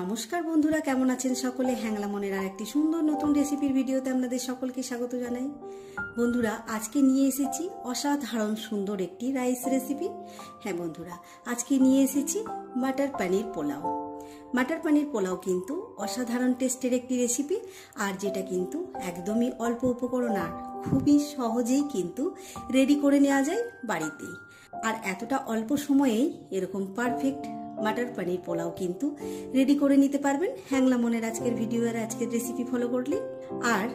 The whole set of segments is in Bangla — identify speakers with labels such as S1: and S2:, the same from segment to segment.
S1: নমস্কার বন্ধুরা কেমন আছেন সকলে হ্যাংলা মনের আর একটি সুন্দর নতুন রেসিপির ভিডিওতে আপনাদের সকলকে স্বাগত জানাই বন্ধুরা আজকে নিয়ে এসেছি অসাধারণ সুন্দর একটি রাইস রেসিপি হ্যাঁ বন্ধুরা আজকে নিয়ে এসেছি মাটার পানির পোলাও মাটার পানির পোলাও কিন্তু অসাধারণ টেস্টের একটি রেসিপি আর যেটা কিন্তু একদমই অল্প উপকরণ আর খুবই সহজেই কিন্তু রেডি করে নেওয়া যায় বাড়িতেই আর এতটা অল্প সময়েই এরকম পারফেক্ট মাটার পানির পোলাও কিন্তু রেডি করে নিতে পারবেন হ্যাংলা মনের আজকের ভিডিও আর আজকের রেসিপি ফলো করলে আর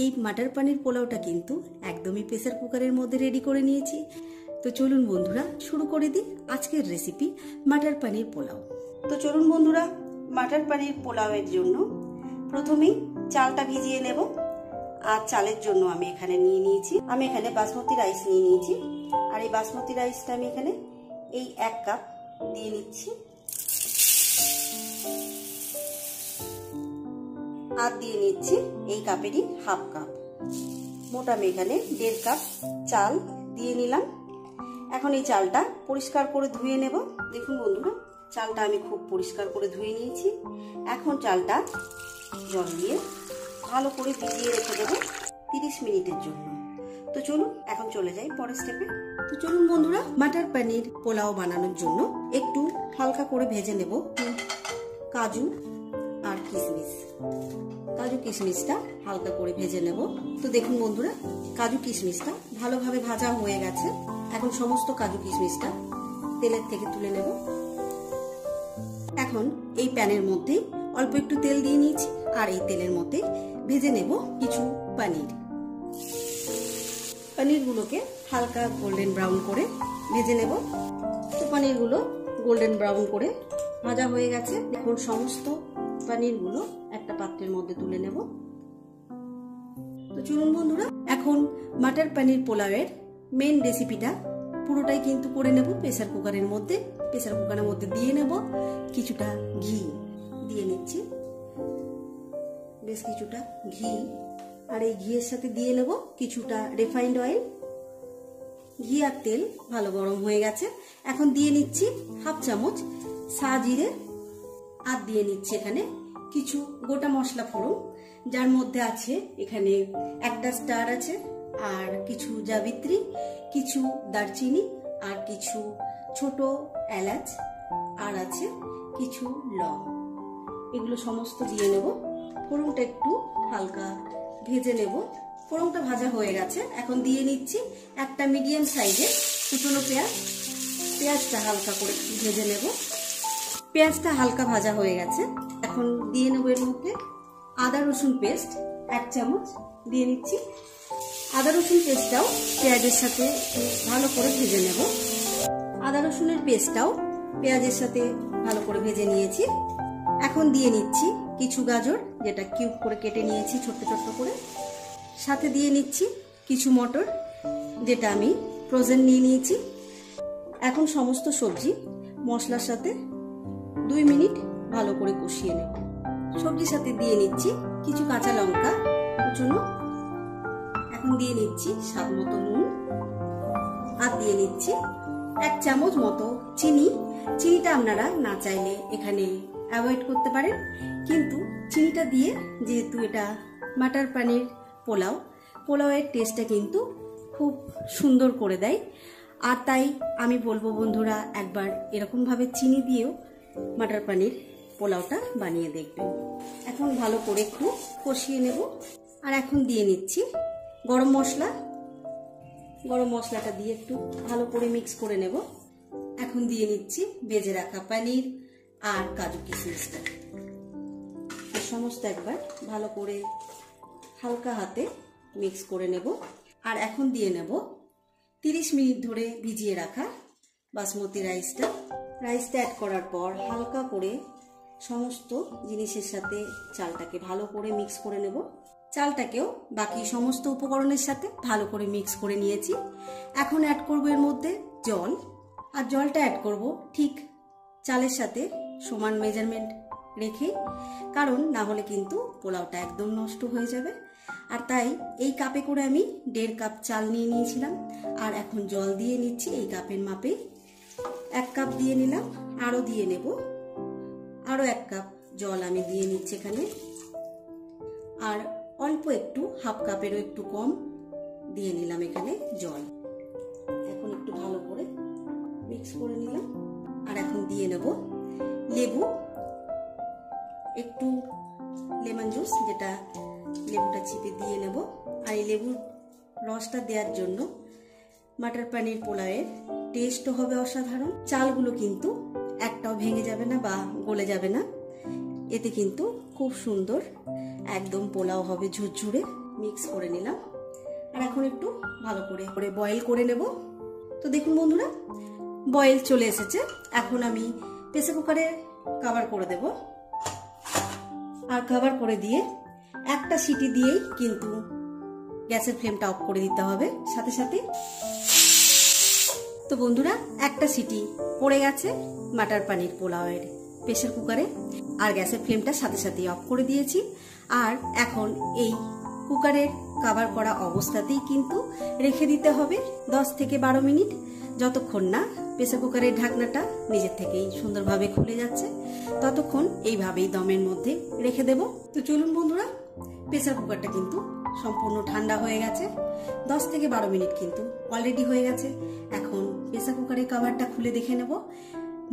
S1: এই মাটার পানির পোলাওটা কিন্তু একদমই প্রেসার কুকারের মধ্যে রেডি করে নিয়েছি তো চলুন বন্ধুরা শুরু করে দিই আজকের রেসিপি মাটার পানির পোলাও তো চলুন বন্ধুরা মাটার পানির পোলাওয়ের জন্য প্রথমেই চালটা ভিজিয়ে নেব আর চালের জন্য আমি এখানে নিয়ে নিয়েছি আমি এখানে বাসমতি রাইস নিয়ে নিয়েছি আর এই বাসমতি রাইসটা আমি এখানে এই এক কাপ দিয়ে নিচ্ছি আর দিয়ে নিচ্ছি এই কাপেরই হাফ কাপ মোটা মেঘানে দেড় কাপ চাল দিয়ে নিলাম এখন এই চালটা পরিষ্কার করে ধুয়ে নেব দেখুন বন্ধুরা চালটা আমি খুব পরিষ্কার করে ধুয়ে নিয়েছি এখন চালটা জল দিয়ে ভালো করে ভিজিয়ে রেখে দেবো তিরিশ মিনিটের জন্য তো চলুন এখন চলে যাই পরের স্টেপে তো চলুন বন্ধুরা মাটার পানির পোলাও বানানোর জন্য একটু হালকা করে ভেজে নেব কাজু আর কিশমিশ কাজু কিশমিশটা হালকা করে ভেজে নেব তো দেখুন বন্ধুরা কাজু কিশমিশটা ভালোভাবে ভাজা হয়ে গেছে এখন সমস্ত কাজু কিশমিশটা তেলের থেকে তুলে নেব এখন এই প্যানের মধ্যে অল্প একটু তেল দিয়ে নিয়েছি আর এই তেলের মধ্যে ভেজে নেব কিছু পানির পানিরগুলোকে হালকা গোল্ডেন ব্রাউন করে ভেজে নেব তো পানিরগুলো গোল্ডেন ব্রাউন করে ভাজা হয়ে গেছে এখন সমস্ত পানিরগুলো একটা পাত্রের মধ্যে তুলে নেব তো চলুন বন্ধুরা এখন মাটার পানির পোলাওয়ের মেন রেসিপিটা পুরোটাই কিন্তু করে নেব প্রেসার কুকারের মধ্যে প্রেসার কুকারের মধ্যে দিয়ে নেব কিছুটা ঘি দিয়ে নিচ্ছি বেশ কিছুটা ঘি আর এই ঘিয়ের সাথে দিয়ে নেব কিছুটা রিফাইন্ড অয়েল ঘি আর তেল ভালো গরম হয়ে গেছে এখন দিয়ে নিচ্ছি হাফ চামচ সা জিরে আর দিয়ে নিচ্ছে এখানে কিছু গোটা মশলা ফোড়ন যার মধ্যে আছে এখানে একটা স্টার আছে আর কিছু জাবিত্রী কিছু দারচিনি আর কিছু ছোট এলাচ আর আছে কিছু লং এগুলো সমস্ত দিয়ে নেব ফোড়নটা একটু হালকা ভেজে নেব ফোড়নটা ভাজা হয়ে গেছে এখন দিয়ে নিচ্ছি একটা মিডিয়াম সাইজের কুচনো পেঁয়াজ পেঁয়াজটা হালকা করে ভেজে নেবো পেঁয়াজটা হালকা ভাজা হয়ে গেছে এখন দিয়ে নেবো এর মধ্যে আদা রসুন পেস্ট এক চামচ দিয়ে নিচ্ছি আদা রসুন পেস্টটাও পেঁয়াজের সাথে ভালো করে ভেজে নেব আদা রসুনের পেস্টটাও পেঁয়াজের সাথে ভালো করে ভেজে নিয়েছি এখন দিয়ে নিচ্ছি কিছু গাজর যেটা কিউব করে কেটে নিয়েছি ছোট্ট ছোট্ট করে সাথে দিয়ে নিচ্ছি কিছু মটর যেটা আমি ফ্রোজেন নিয়ে নিয়েছি এখন সমস্ত সবজি মশলার সাথে দুই মিনিট ভালো করে কষিয়ে নেব সবজির সাথে দিয়ে নিচ্ছি কিছু কাঁচা লঙ্কা কুচুনো এখন দিয়ে নিচ্ছি স্বাদ মতো নুন আর দিয়ে নিচ্ছি এক চামচ মতো চিনি চিনিটা আপনারা না চাইলে এখানে অ্যাভয়েড করতে পারেন কিন্তু চিনিটা দিয়ে যেহেতু এটা মাটার পানির পোলাও পোলাওয়ের টেস্টটা কিন্তু খুব সুন্দর করে দেয় আর তাই আমি বলবো বন্ধুরা একবার এরকমভাবে চিনি দিয়েও মাটার পানির পোলাওটা বানিয়ে দেখবেন এখন ভালো করে একটু কষিয়ে নেব আর এখন দিয়ে নিচ্ছি গরম মশলা গরম মশলাটা দিয়ে একটু ভালো করে মিক্স করে নেব এখন দিয়ে নিচ্ছি ভেজে রাখা পানির আর কাজু কিশমিশটা সমস্ত একবার ভালো করে হালকা হাতে মিক্স করে নেব আর এখন দিয়ে নেব 30 মিনিট ধরে ভিজিয়ে রাখা বাসমতি রাইসটা রাইসটা অ্যাড করার পর হালকা করে সমস্ত জিনিসের সাথে চালটাকে ভালো করে মিক্স করে নেব চালটাকেও বাকি সমস্ত উপকরণের সাথে ভালো করে মিক্স করে নিয়েছি এখন অ্যাড করব এর মধ্যে জল আর জলটা অ্যাড করব ঠিক চালের সাথে সমান মেজারমেন্ট রেখে কারণ না হলে কিন্তু পোলাওটা একদম নষ্ট হয়ে যাবে আর তাই এই কাপে করে আমি দেড় কাপ চাল নিয়ে নিয়েছিলাম আর এখন জল দিয়ে নিচ্ছি এই কাপের মাপে এক কাপ দিয়ে নিলাম আরও দিয়ে নেব আরও এক কাপ জল আমি দিয়ে নিচ্ছি এখানে আর অল্প একটু হাফ কাপেরও একটু কম দিয়ে নিলাম এখানে জল এখন একটু ভালো করে মিক্স করে নিলাম আর এখন দিয়ে নেব লেবু একটু লেমন জুস যেটা লেবুটা চিপে দিয়ে নেব আর এই লেবুর রসটা দেওয়ার জন্য মাটার পানির পোলাওয়ের টেস্টও হবে অসাধারণ চালগুলো কিন্তু একটাও ভেঙে যাবে না বা গলে যাবে না এতে কিন্তু খুব সুন্দর একদম পোলাও হবে ঝুরঝুরে মিক্স করে নিলাম আর এখন একটু ভালো করে করে বয়েল করে নেব তো দেখুন বন্ধুরা বয়েল চলে এসেছে এখন আমি প্রেসার কুকারে কাভার করে দেব আর কাভার করে দিয়ে একটা সিটি দিয়েই কিন্তু গ্যাসের ফ্লেমটা অফ করে দিতে হবে সাথে সাথে তো বন্ধুরা একটা সিটি পড়ে গেছে মাটার পানির পোলাওয়ের প্রেশার কুকারে আর গ্যাসের ফ্লেমটা সাথে সাথে অফ করে দিয়েছি আর এখন এই কুকারের কাভার করা অবস্থাতেই কিন্তু রেখে দিতে হবে দশ থেকে বারো মিনিট যতক্ষণ না প্রেসার কুকারের ঢাকনাটা নিজের থেকেই সুন্দরভাবে খুলে যাচ্ছে ততক্ষণ এইভাবেই দমের মধ্যে রেখে দেব তো চলুন বন্ধুরা প্রেসার কুকারটা কিন্তু সম্পূর্ণ ঠান্ডা হয়ে গেছে দশ থেকে বারো মিনিট কিন্তু অলরেডি হয়ে গেছে এখন প্রেসার কুকারের কাভারটা খুলে দেখে নেব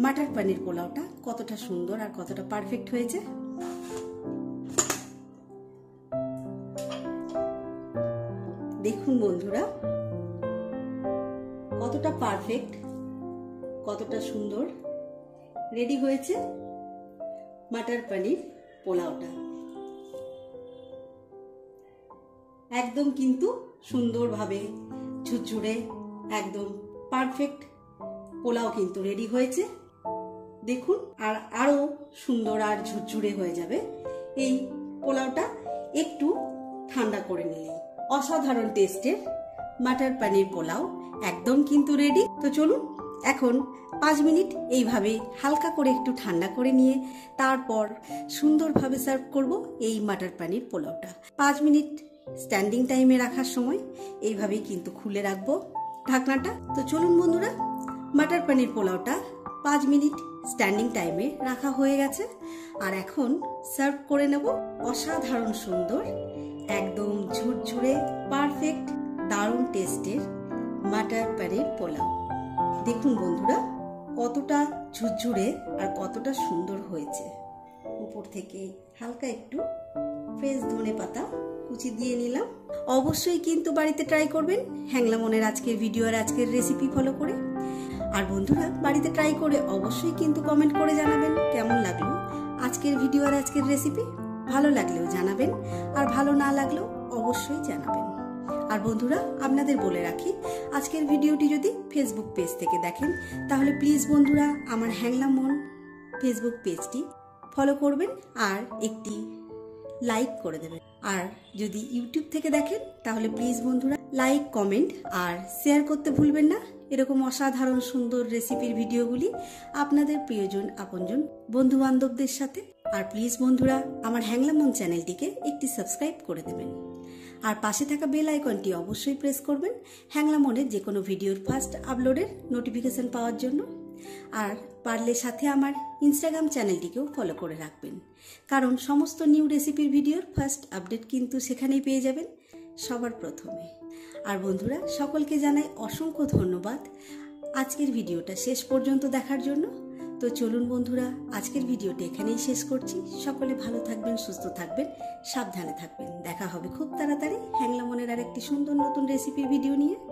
S1: মাটার পানির পোলাওটা কতটা সুন্দর আর কতটা পারফেক্ট হয়েছে দেখুন বন্ধুরা কতটা পারফেক্ট কতটা সুন্দর রেডি হয়েছে মাটার পানির পোলাওটা একদম কিন্তু সুন্দরভাবে ঝুরঝুরে একদম পারফেক্ট পোলাও কিন্তু রেডি হয়েছে দেখুন আর আরও সুন্দর আর ঝুরঝুরে হয়ে যাবে এই পোলাওটা একটু ঠান্ডা করে নিলেই অসাধারণ টেস্টের মাটার পানির পোলাও একদম কিন্তু রেডি তো চলুন এখন পাঁচ মিনিট এইভাবে হালকা করে একটু ঠান্ডা করে নিয়ে তারপর সুন্দরভাবে সার্ভ করব এই মাটার পানির পোলাওটা পাঁচ মিনিট স্ট্যান্ডিং টাইমে রাখার সময় এইভাবেই কিন্তু খুলে রাখবো ঢাকনাটা তো চলুন বন্ধুরা মাটার পানির পোলাওটা পাঁচ মিনিট স্ট্যান্ডিং টাইমে রাখা হয়ে গেছে আর এখন সার্ভ করে নেব অসাধারণ সুন্দর একদম ঝুরঝুরে পারফেক্ট দারুণ টেস্টের মাটার পানির পোলাও দেখুন বন্ধুরা কতটা ঝুরঝুরে আর কতটা সুন্দর হয়েছে উপর থেকে হালকা একটু ফ্রেশ ধনে পাতা কুচি দিয়ে নিলাম অবশ্যই কিন্তু বাড়িতে ট্রাই করবেন হ্যাংলা মনের আজকের ভিডিও আর আজকের রেসিপি ফলো করে আর বন্ধুরা বাড়িতে ট্রাই করে অবশ্যই কিন্তু কমেন্ট করে জানাবেন কেমন লাগলো আজকের ভিডিও আর আজকের রেসিপি ভালো লাগলেও জানাবেন আর ভালো না লাগলেও অবশ্যই জানাবেন আর বন্ধুরা আপনাদের বলে রাখি আজকের ভিডিওটি যদি ফেসবুক পেজ থেকে দেখেন তাহলে প্লিজ বন্ধুরা আমার হ্যাংলা মন ফেসবুক পেজটি ফলো করবেন আর একটি লাইক করে দেবেন আর যদি ইউটিউব থেকে দেখেন তাহলে প্লিজ বন্ধুরা লাইক কমেন্ট আর শেয়ার করতে ভুলবেন না এরকম অসাধারণ সুন্দর রেসিপির ভিডিওগুলি আপনাদের প্রিয়জন আপনজন বন্ধু বান্ধবদের সাথে আর প্লিজ বন্ধুরা আমার হ্যাংলামন চ্যানেলটিকে একটি সাবস্ক্রাইব করে দেবেন আর পাশে থাকা বেল আইকনটি অবশ্যই প্রেস করবেন হ্যাংলামনের যে কোনো ভিডিওর ফার্স্ট আপলোডের নোটিফিকেশন পাওয়ার জন্য আর পারলে সাথে আমার ইনস্টাগ্রাম চ্যানেলটিকেও ফলো করে রাখবেন কারণ সমস্ত নিউ রেসিপির ভিডিওর ফার্স্ট আপডেট কিন্তু সেখানেই পেয়ে যাবেন সবার প্রথমে আর বন্ধুরা সকলকে জানাই অসংখ্য ধন্যবাদ আজকের ভিডিওটা শেষ পর্যন্ত দেখার জন্য তো চলুন বন্ধুরা আজকের ভিডিওটা এখানেই শেষ করছি সকলে ভালো থাকবেন সুস্থ থাকবেন সাবধানে থাকবেন দেখা হবে খুব তাড়াতাড়ি হ্যাংলা মনের আরেকটি সুন্দর নতুন রেসিপির ভিডিও নিয়ে